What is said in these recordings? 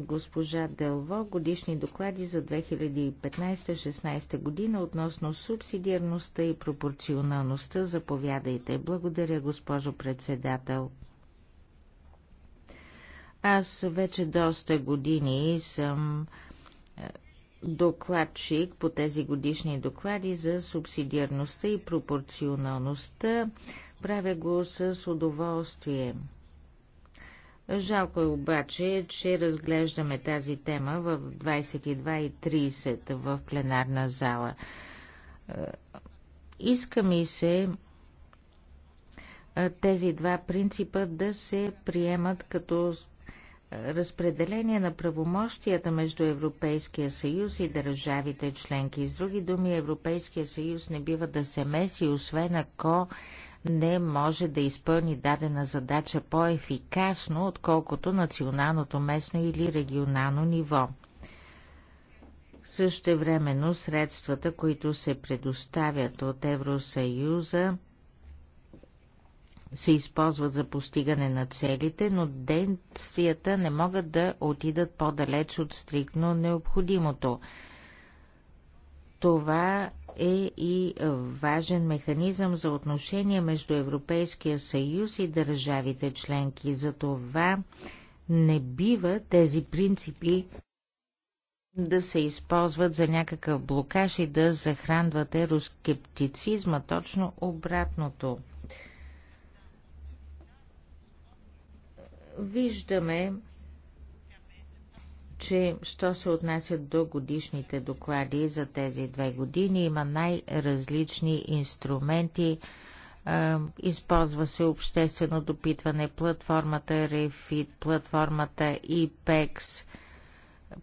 госпожа Делво годишни доклади за 2015-16 година относно субсидиарността и пропорционалността. Заповядайте. Благодаря, госпожо председател. Аз вече доста години съм е, докладчик по тези годишни доклади за субсидиарността и пропорционалността. Правя го с удоволствие. Жалко е обаче, че разглеждаме тази тема в 22.30 в пленарна зала. Е, иска ми се е, тези два принципа да се приемат като е, разпределение на правомощията между Европейския съюз и държавите членки. С други думи, Европейския съюз не бива да се меси, освен ако не може да изпълни дадена задача по-ефикасно, отколкото националното, местно или регионално ниво. Същевременно средствата, които се предоставят от Евросъюза, се използват за постигане на целите, но действията не могат да отидат по-далеч от стрикно необходимото. Това е и важен механизъм за отношение между Европейския съюз и държавите членки. За това не бива тези принципи да се използват за някакъв блокаж и да захранват ероскептицизма, точно обратното. Виждаме че, що се отнася до годишните доклади за тези две години, има най-различни инструменти. Използва се обществено допитване, платформата Refit, платформата IPEX,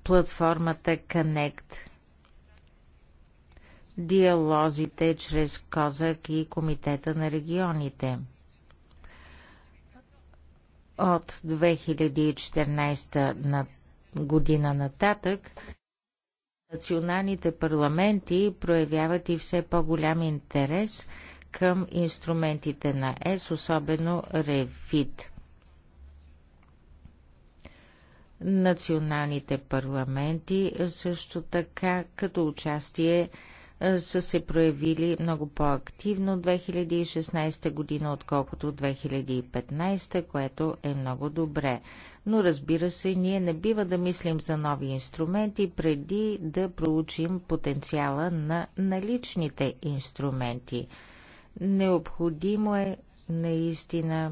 платформата Connect, диалозите чрез Козак и Комитета на регионите. От 2014 на година нататък, националните парламенти проявяват и все по-голям интерес към инструментите на ЕС, особено Ревит. Националните парламенти също така като участие е, са се проявили много по-активно 2016 година, отколкото 2015, което е много добре. Но разбира се, ние не бива да мислим за нови инструменти преди да проучим потенциала на наличните инструменти. Необходимо е наистина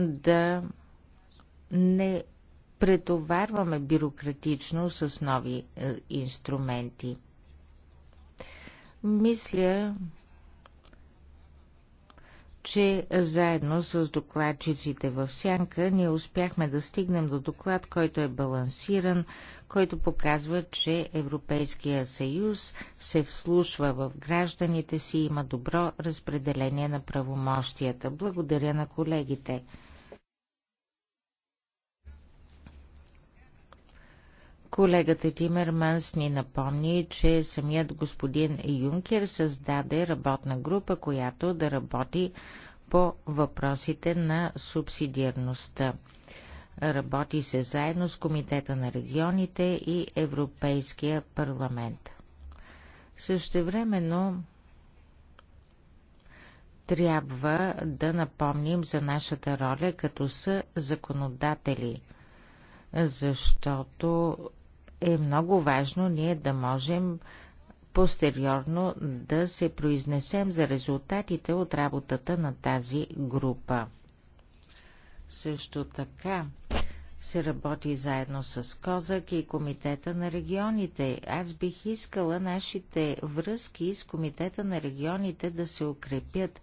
да не претоварваме бюрократично с нови е, инструменти. Мисля, че заедно с докладчиците в Сянка ние успяхме да стигнем до доклад, който е балансиран, който показва, че Европейския съюз се вслушва в гражданите си и има добро разпределение на правомощията. Благодаря на колегите. Колегата Тимерманс ни напомни, че самият господин Юнкер създаде работна група, която да работи по въпросите на субсидиарността. Работи се заедно с Комитета на регионите и Европейския парламент. Същевременно трябва да напомним за нашата роля като са законодатели, защото е много важно ние да можем постериорно да се произнесем за резултатите от работата на тази група. Също така се работи заедно с Козак и Комитета на регионите. Аз бих искала нашите връзки с Комитета на регионите да се укрепят.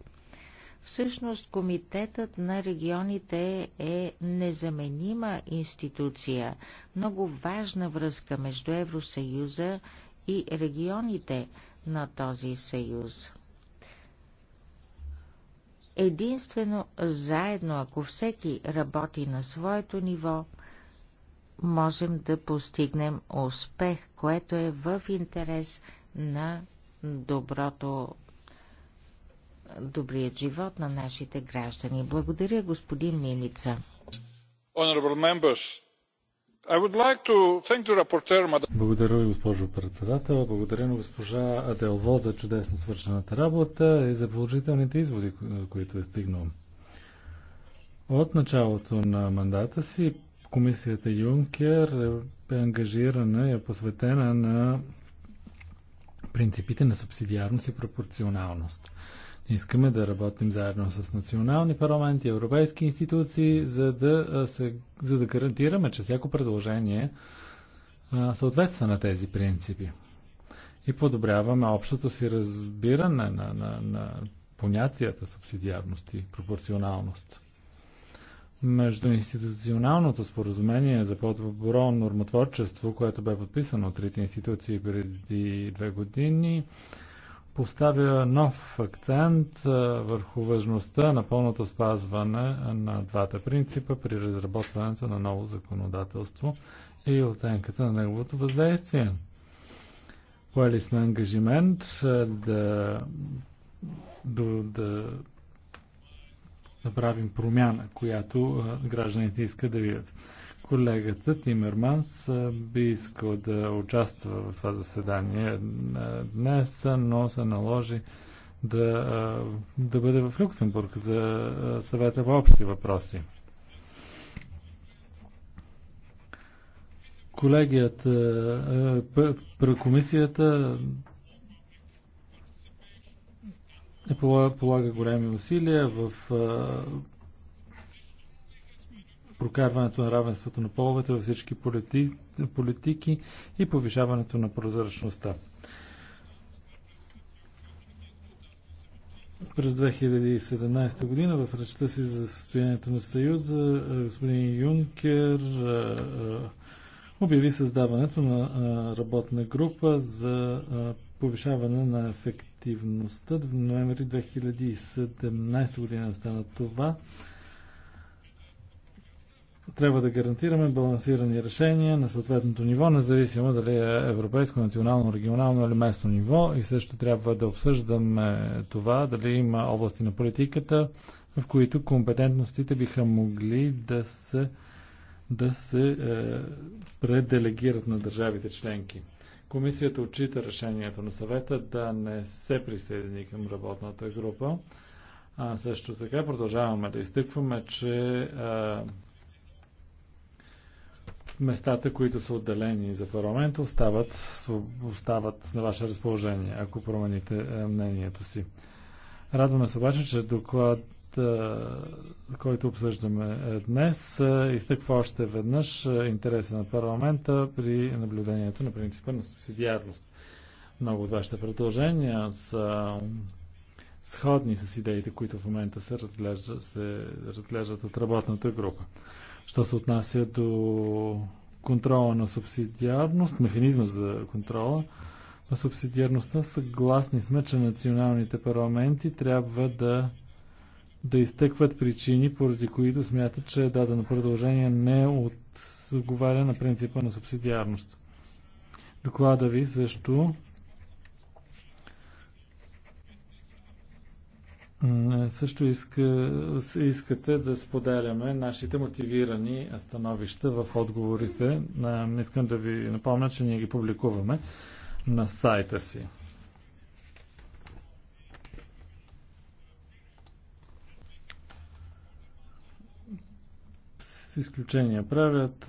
Всъщност Комитетът на регионите е незаменима институция, много важна връзка между Евросъюза и регионите на този съюз. Единствено заедно, ако всеки работи на своето ниво, можем да постигнем успех, което е в интерес на доброто добрият живот на нашите граждани. Благодаря, господин Мимица. Благодаря ви, госпожо председател. Благодаря на госпожа Аделво за чудесно свършената работа и за положителните изводи, които е стигнал. От началото на мандата си комисията Юнкер е ангажирана и е посветена на принципите на субсидиарност и пропорционалност. Искаме да работим заедно с национални парламенти, европейски институции, за да, се, за да гарантираме, че всяко предложение съответства на тези принципи. И подобряваме общото си разбиране на, на, на понятията субсидиарност и пропорционалност. Междуинституционалното споразумение за по-добро нормотворчество, което бе подписано от трите институции преди две години, поставя нов акцент върху важността на пълното спазване на двата принципа при разработването на ново законодателство и оценката на неговото въздействие. Поели сме ангажимент да, да, да направим промяна, която гражданите искат да видят. Колегата Тимерманс би искал да участва в това заседание днес, но се наложи да, да бъде в Люксембург за съвета по общи въпроси. колегията, комисията е полага големи усилия в прокарването на равенството на половете във всички полити, политики и повишаването на прозрачността. През 2017 година в речта си за състоянието на Съюза е, господин Юнкер е, е, обяви създаването на работна група за повишаване на ефективността. В ноември 2017 година стана това трябва да гарантираме балансирани решения на съответното ниво, независимо дали е европейско, национално, регионално или местно ниво. И също трябва да обсъждаме това, дали има области на политиката, в които компетентностите биха могли да се, да се е, пределегират на държавите членки. Комисията отчита решението на съвета да не се присъедини към работната група. А също така продължаваме да изтъкваме, че е, местата, които са отделени за парламента, остават, остават на ваше разположение, ако промените е, мнението си. Радваме се обаче, че доклад, е, който обсъждаме е, днес, изтъква още веднъж интереса на парламента при наблюдението на принципа на субсидиарност. Много от вашите предложения са сходни с идеите, които в момента се, разглеждат, се разглеждат от работната група. Що се отнася до контрола на субсидиарност, механизма за контрола на субсидиарността, съгласни сме, че националните парламенти трябва да да изтъкват причини, поради които смятат, че дадено продължение не отговаря на принципа на субсидиарност. Доклада ви също Е, също иска, искате да споделяме нашите мотивирани становища в отговорите. Искам да ви напомня, че ние ги публикуваме на сайта си. с изключение правят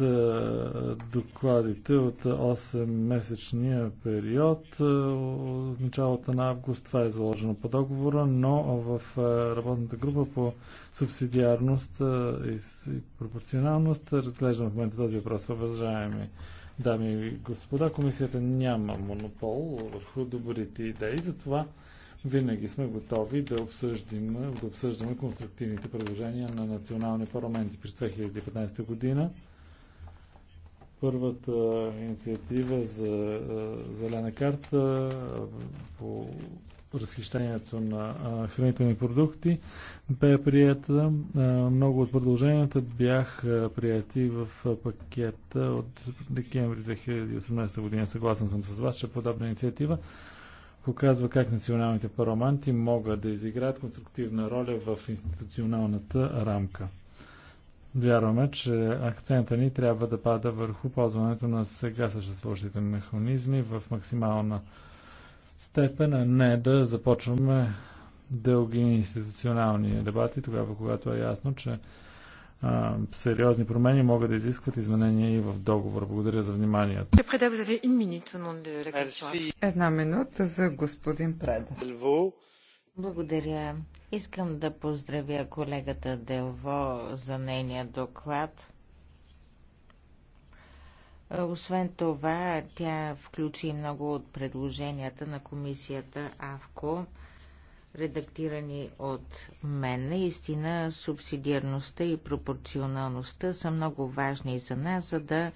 докладите от 8-месечния период от началото на август. Това е заложено по договора, но в работната група по субсидиарност и пропорционалност разглеждам в момента този въпрос. Уважаеми дами и господа, комисията няма монопол върху добрите идеи, затова винаги сме готови да обсъждим, да обсъждаме конструктивните предложения на национални парламенти през 2015 година. Първата инициатива за зелена карта по разхищението на хранителни продукти бе прията. Много от предложенията бяха прияти в пакета от декември 2018 година. Съгласен съм с вас, че подобна инициатива показва как националните парламенти могат да изиграят конструктивна роля в институционалната рамка. Вярваме, че акцента ни трябва да пада върху ползването на сега съществуващите механизми в максимална степен, а не да започваме дълги институционални дебати, тогава когато е ясно, че сериозни промени могат да изискват изменения и в договора. Благодаря за вниманието. Една минута за господин Преда. Благодаря. Искам да поздравя колегата Делво за нейния доклад. Освен това, тя включи много от предложенията на комисията АВКО редактирани от мен. Наистина субсидиарността и пропорционалността са много важни за нас, за да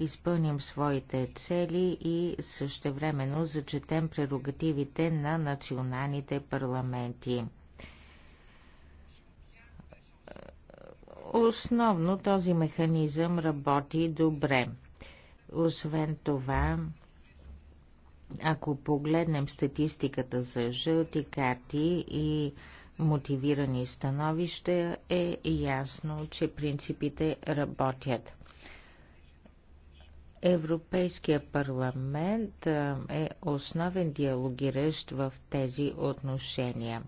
изпълним своите цели и същевременно зачетем прерогативите на националните парламенти. Основно този механизъм работи добре. Освен това, ако погледнем статистиката за жълти карти и мотивирани становища, е ясно, че принципите работят. Европейския парламент е основен диалогиращ в тези отношения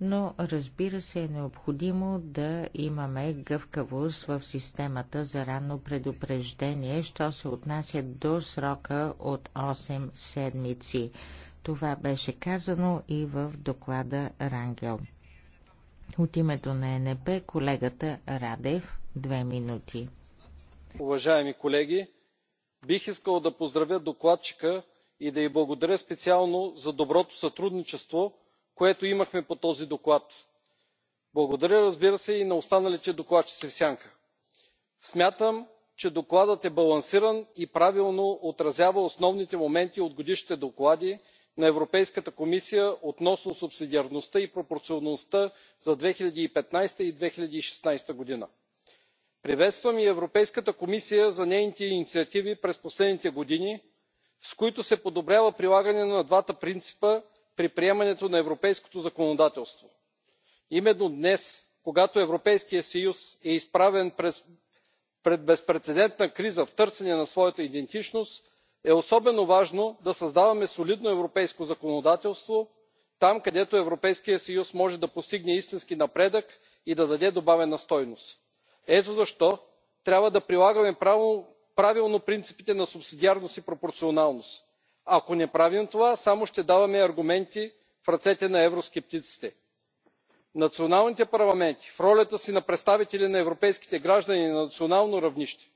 но разбира се е необходимо да имаме гъвкавост в системата за ранно предупреждение, що се отнася до срока от 8 седмици. Това беше казано и в доклада Рангел. От името на НП колегата Радев, две минути. Уважаеми колеги, бих искал да поздравя докладчика и да й благодаря специално за доброто сътрудничество, което имахме по този доклад. благодаря разбира се и на останалите докладчици в сянка. смятам че докладът е балансиран и правилно отразява основните моменти от годишните доклади на европейската комисия относно субсидиарността и пропорционалността за две хиляди и петнадесета и две хиляди и шестнадесета г. приветствам и европейската комисия за нейните инициативи през последните години с които се подобрява прилагането на двата принципа при приемането на европейското законодателство. именно днес когато европейският съюз е изправен пред безпрецедентна криза в търсене на своята идентичност е особено важно да създаваме солидно европейско законодателство там където европейският съюз може да постигне истински напредък и да даде добавена стойност. ето защо трябва да прилагаме правилно принципите на субсидиарност и пропорционалност ако не правим това само ще даваме аргументи в ръцете на евроскептиците. националните парламенти в ролята си на представители на европейските граждани на национално равнище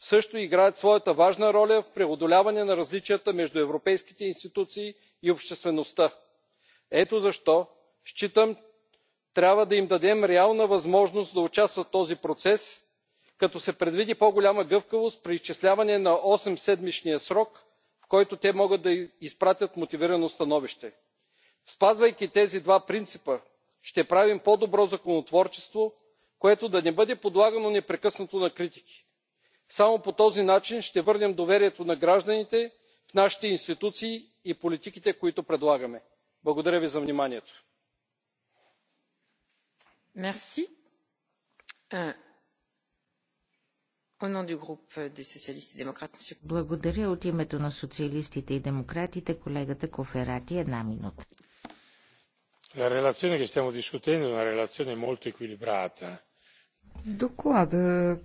също играят своята важна роля в преодоляване на различията между европейските институции и обществеността. ето защо считам трябва да им дадем реална възможност да участват в този процес като се предвиди по голяма гъвкавост при изчисляване на осемседмичния срок който те могат да изпратят мотивирано становище. спазвайки тези два принципа ще правим по добро законотворчество което да не бъде подлагано непрекъснато на критики. само по този начин ще върнем доверието на гражданите в нашите институции и политиките които предлагаме. благодаря ви за вниманието. Благодаря от името на социалистите и демократите, колегата Коферати, една минута. Доклада,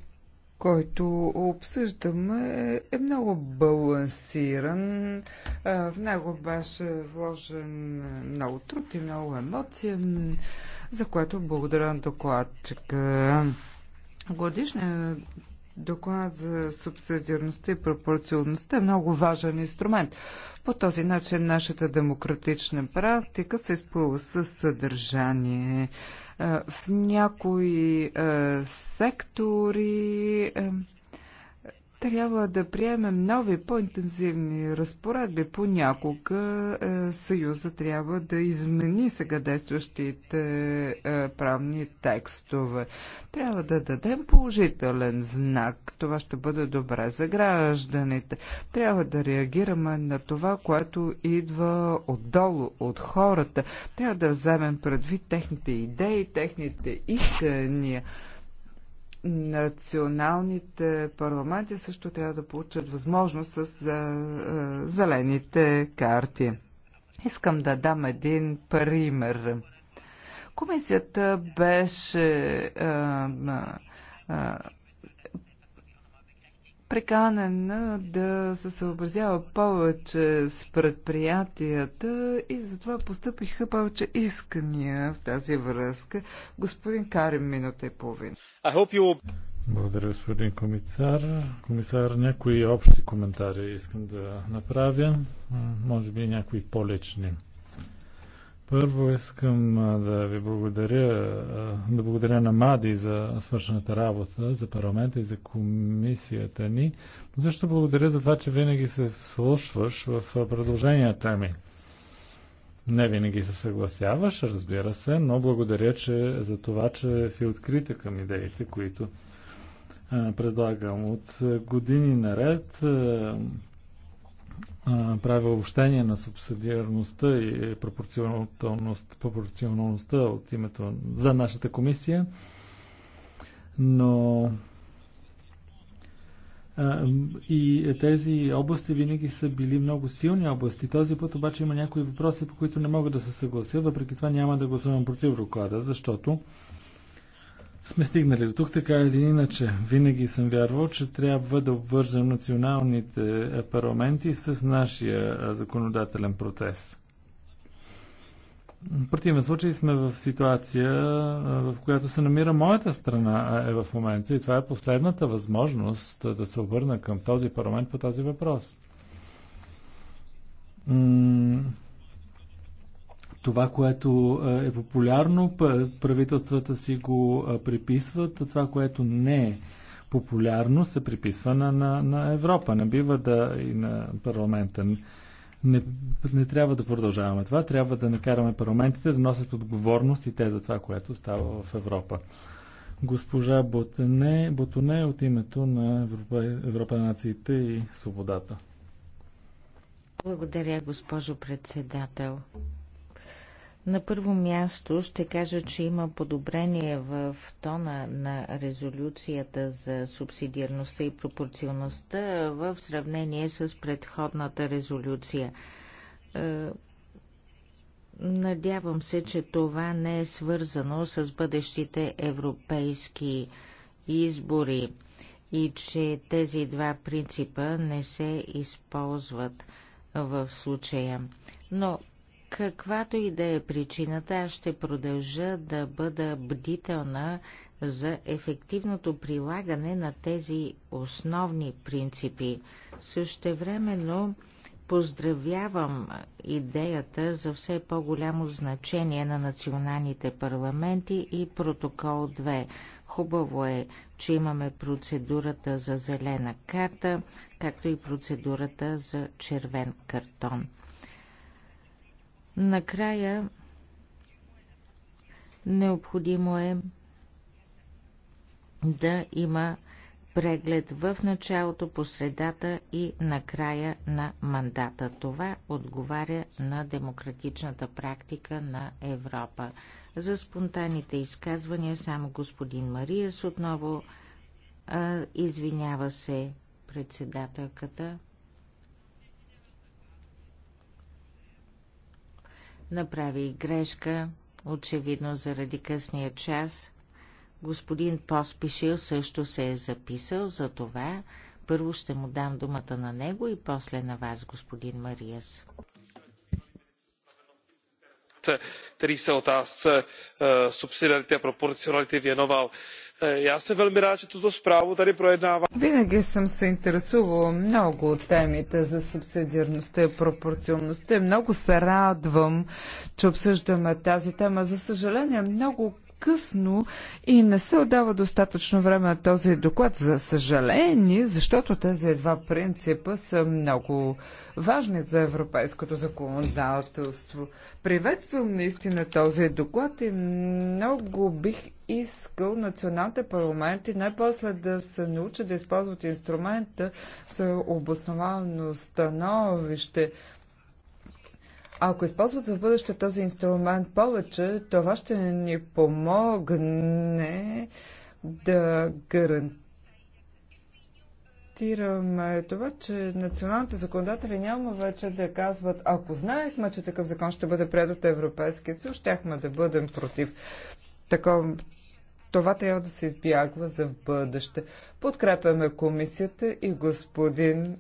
който обсъждаме, е много балансиран. В него беше вложен много труд и много емоция, за което благодаря на докладчика. Годишният Доклад за субсидиарността и пропорционността е много важен инструмент. По този начин нашата демократична практика се изплува с съдържание. Е, в някои е, сектори е, трябва да приемем нови, по-интензивни разпоредби. Понякога е, Съюза трябва да измени сега действащите е, правни текстове. Трябва да дадем положителен знак. Това ще бъде добре за гражданите. Трябва да реагираме на това, което идва отдолу, от хората. Трябва да вземем предвид техните идеи, техните искания националните парламенти също трябва да получат възможност с е, зелените карти. Искам да дам един пример. Комисията беше а, е, а, е, преканен да се съобразява повече с предприятията и затова поступиха повече искания в тази връзка. Господин Карим, минута и половина. Благодаря, господин комисар. Комисар, някои общи коментари искам да направя, може би някои по-лични. Първо искам да ви благодаря, да благодаря на Мади за свършената работа, за парламента и за комисията ни. Но също благодаря за това, че винаги се вслушваш в предложенията ми. Не винаги се съгласяваш, разбира се, но благодаря че, за това, че си открита към идеите, които предлагам. От години наред прави обобщение на субсидиарността и пропорционалност, пропорционалността от името за нашата комисия, но и тези области винаги са били много силни области. Този път обаче има някои въпроси, по които не мога да се съглася. Въпреки това няма да гласувам против доклада, защото сме стигнали до тук, така или иначе. Винаги съм вярвал, че трябва да обвържем националните е, парламенти с нашия е, законодателен процес. В противен случай сме в ситуация, е, в която се намира моята страна е в момента и това е последната възможност да се обърна към този парламент по този въпрос това, което е популярно, правителствата си го приписват, а това, което не е популярно, се приписва на, на, на Европа. Не бива да и на парламента. Не, не трябва да продължаваме това. Трябва да накараме парламентите да носят отговорност и те за това, което става в Европа. Госпожа Ботене, Ботоне от името на Европа, Европа на нациите и свободата. Благодаря, госпожо председател. На първо място ще кажа, че има подобрение в тона на резолюцията за субсидиарността и пропорционността в сравнение с предходната резолюция. Е, надявам се, че това не е свързано с бъдещите европейски избори и че тези два принципа не се използват в случая. Но Каквато и да е причината, аз ще продължа да бъда бдителна за ефективното прилагане на тези основни принципи. Същевременно поздравявам идеята за все по-голямо значение на националните парламенти и протокол 2. Хубаво е, че имаме процедурата за зелена карта, както и процедурата за червен картон. Накрая необходимо е да има преглед в началото, по средата и края на мандата. Това отговаря на демократичната практика на Европа. За спонтанните изказвания само господин Мариес отново а, извинява се председателката. направи грешка, очевидно заради късния час. Господин Поспишил също се е записал, за това първо ще му дам думата на него и после на вас, господин Мариас. který se otázce е, subsidiarity a proporcionality věnoval. Já jsem velmi rád, že tuto zprávu tady projednává. Винаги съм се интересувала много от темите за субсидиарността и пропорционността. Много се радвам, че обсъждаме тази тема. За съжаление, много късно и не се отдава достатъчно време на този доклад. За съжаление, защото тези два принципа са много важни за европейското законодателство. Приветствам наистина този доклад и много бих искал националните парламенти най-после да се научат да използват инструмента за обосновано становище. Ако използват за бъдеще този инструмент повече, това ще ни помогне да гарантираме това, че националните законодатели няма вече да казват, ако знаехме, че такъв закон ще бъде пред от Европейския съюз, щяхме да бъдем против. Такова, това трябва да се избягва за бъдеще. Подкрепяме комисията и господин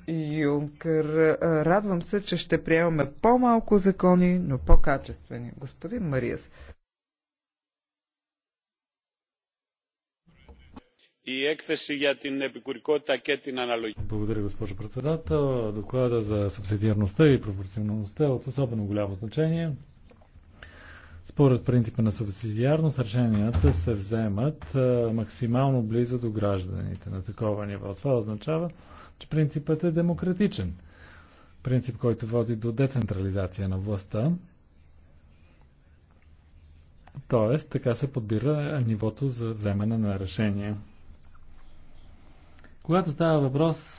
Юнкер. Радвам се, че ще приемаме по-малко закони, но по-качествени. Господин Мариас. И екфеси για тин епикурикота και την Благодаря, госпожо председател. Доклада за субсидиарността и пропорционалността е от особено голямо значение. Според принципа на субсидиарност, решенията се вземат а, максимално близо до гражданите на такова ниво. Това означава, че принципът е демократичен. Принцип, който води до децентрализация на властта. Тоест, така се подбира нивото за вземане на решение. Когато става въпрос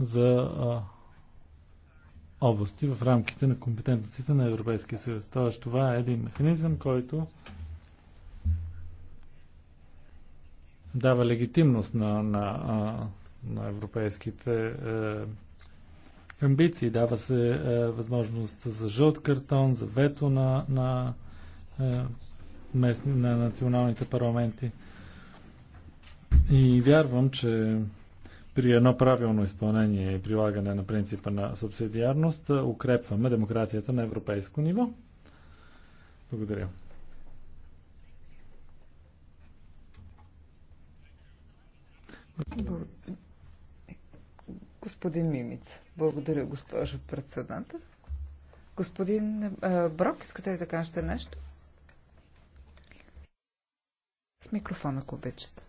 за а, области в рамките на компетентностите на Европейския съюз. Тоест, това е един механизъм, който дава легитимност на, на, на европейските е, амбиции. Дава се е, възможност за жълт картон, за вето на, на, е, местни, на националните парламенти. И вярвам, че при едно правилно изпълнение и прилагане на принципа на субсидиарност укрепваме демокрацията на европейско ниво. Благодаря. Господин Мимиц, благодаря, госпожо председател. Господин Брок, искате ли да кажете нещо? С микрофона, ако обичате.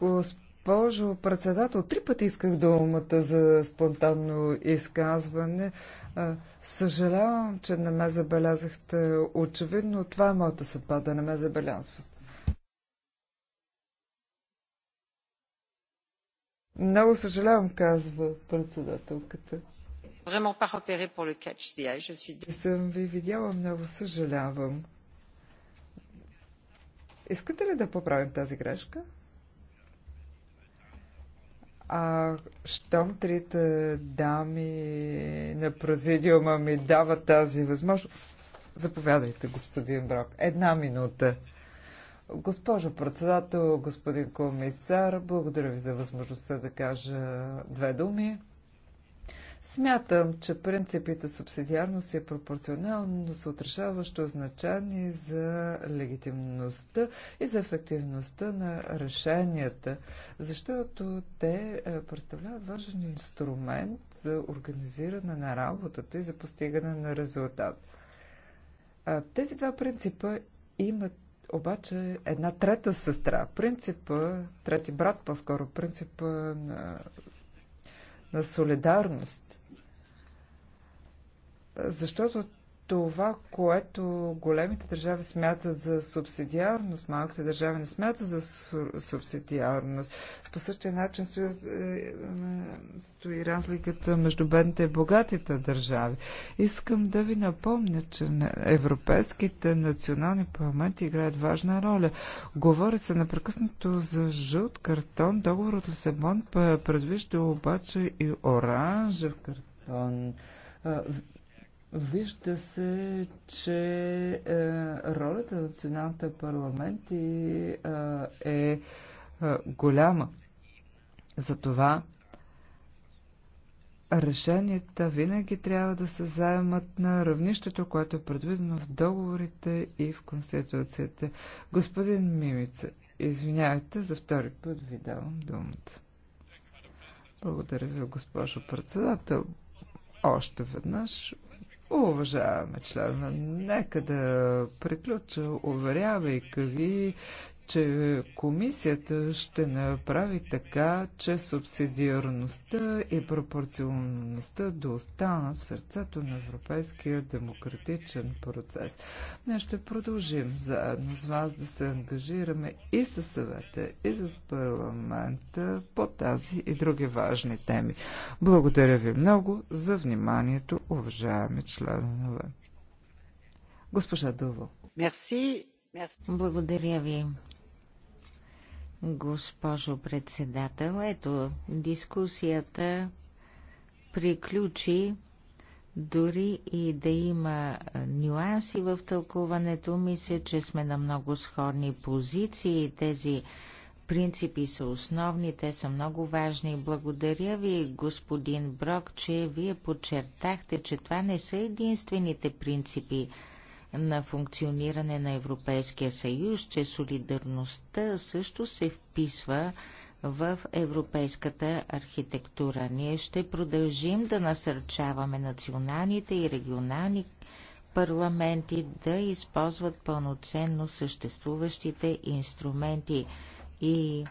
Госпожо председател, три пъти исках думата за спонтанно изказване. Съжалявам, че не ме забелязахте. Очевидно, това е моята съдба, да не ме забелязвате. Много съжалявам, казва председателката. Не Съм ви видяла, много съжалявам. Искате ли да поправим тази грешка? А щом трите дами на президиума ми дават тази възможност, заповядайте, господин Брок. Една минута. Госпожо председател, господин комисар, благодаря ви за възможността да кажа две думи. Смятам, че принципите субсидиарност и пропорционално са отрешаващо значение за легитимността и за ефективността на решенията, защото те е, представляват важен инструмент за организиране на работата и за постигане на резултат. Тези два принципа имат обаче една трета сестра, принципа, трети брат по-скоро, принципа на на солидарност. Защото това, което големите държави смятат за субсидиарност, малките държави не смятат за субсидиарност. По същия начин стои, е, е, стои разликата между бедните и богатите държави. Искам да ви напомня, че европейските национални парламенти играят важна роля. Говори се напрекъснато за жълт картон. Договор от Лисабон предвижда обаче и оранжев картон е, Вижда се, че е, ролята на националните парламенти е, е, е голяма. Затова решенията винаги трябва да се заемат на равнището, което е предвидено в договорите и в Конституцията. Господин Мимица, извинявайте, за втори път ви давам думата. Благодаря ви, госпожо председател. Още веднъж Уважаваме члена, нека да приключа, уверявайка ви, че комисията ще направи така, че субсидиарността и пропорционалността да останат в сърцето на европейския демократичен процес. Ние ще продължим заедно с вас да се ангажираме и с съвета, и с парламента по тази и други важни теми. Благодаря ви много за вниманието, уважаеми членове. Госпожа Дълво. Мерси. Благодаря ви госпожо председател. Ето, дискусията приключи. Дори и да има нюанси в тълкуването, мисля, че сме на много сходни позиции. Тези принципи са основни, те са много важни. Благодаря ви, господин Брок, че вие подчертахте, че това не са единствените принципи – на функциониране на Европейския съюз, че солидарността също се вписва в европейската архитектура. Ние ще продължим да насърчаваме националните и регионални парламенти да използват пълноценно съществуващите инструменти и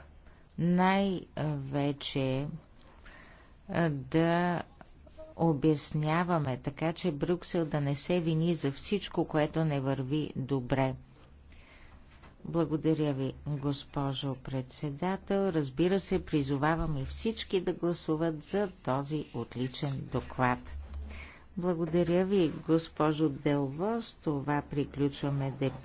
най-вече да обясняваме, така че Брюксел да не се вини за всичко, което не върви добре. Благодаря ви, госпожо председател. Разбира се, призовавам и всички да гласуват за този отличен доклад. Благодаря ви, госпожо Делвос. Това приключваме дебата.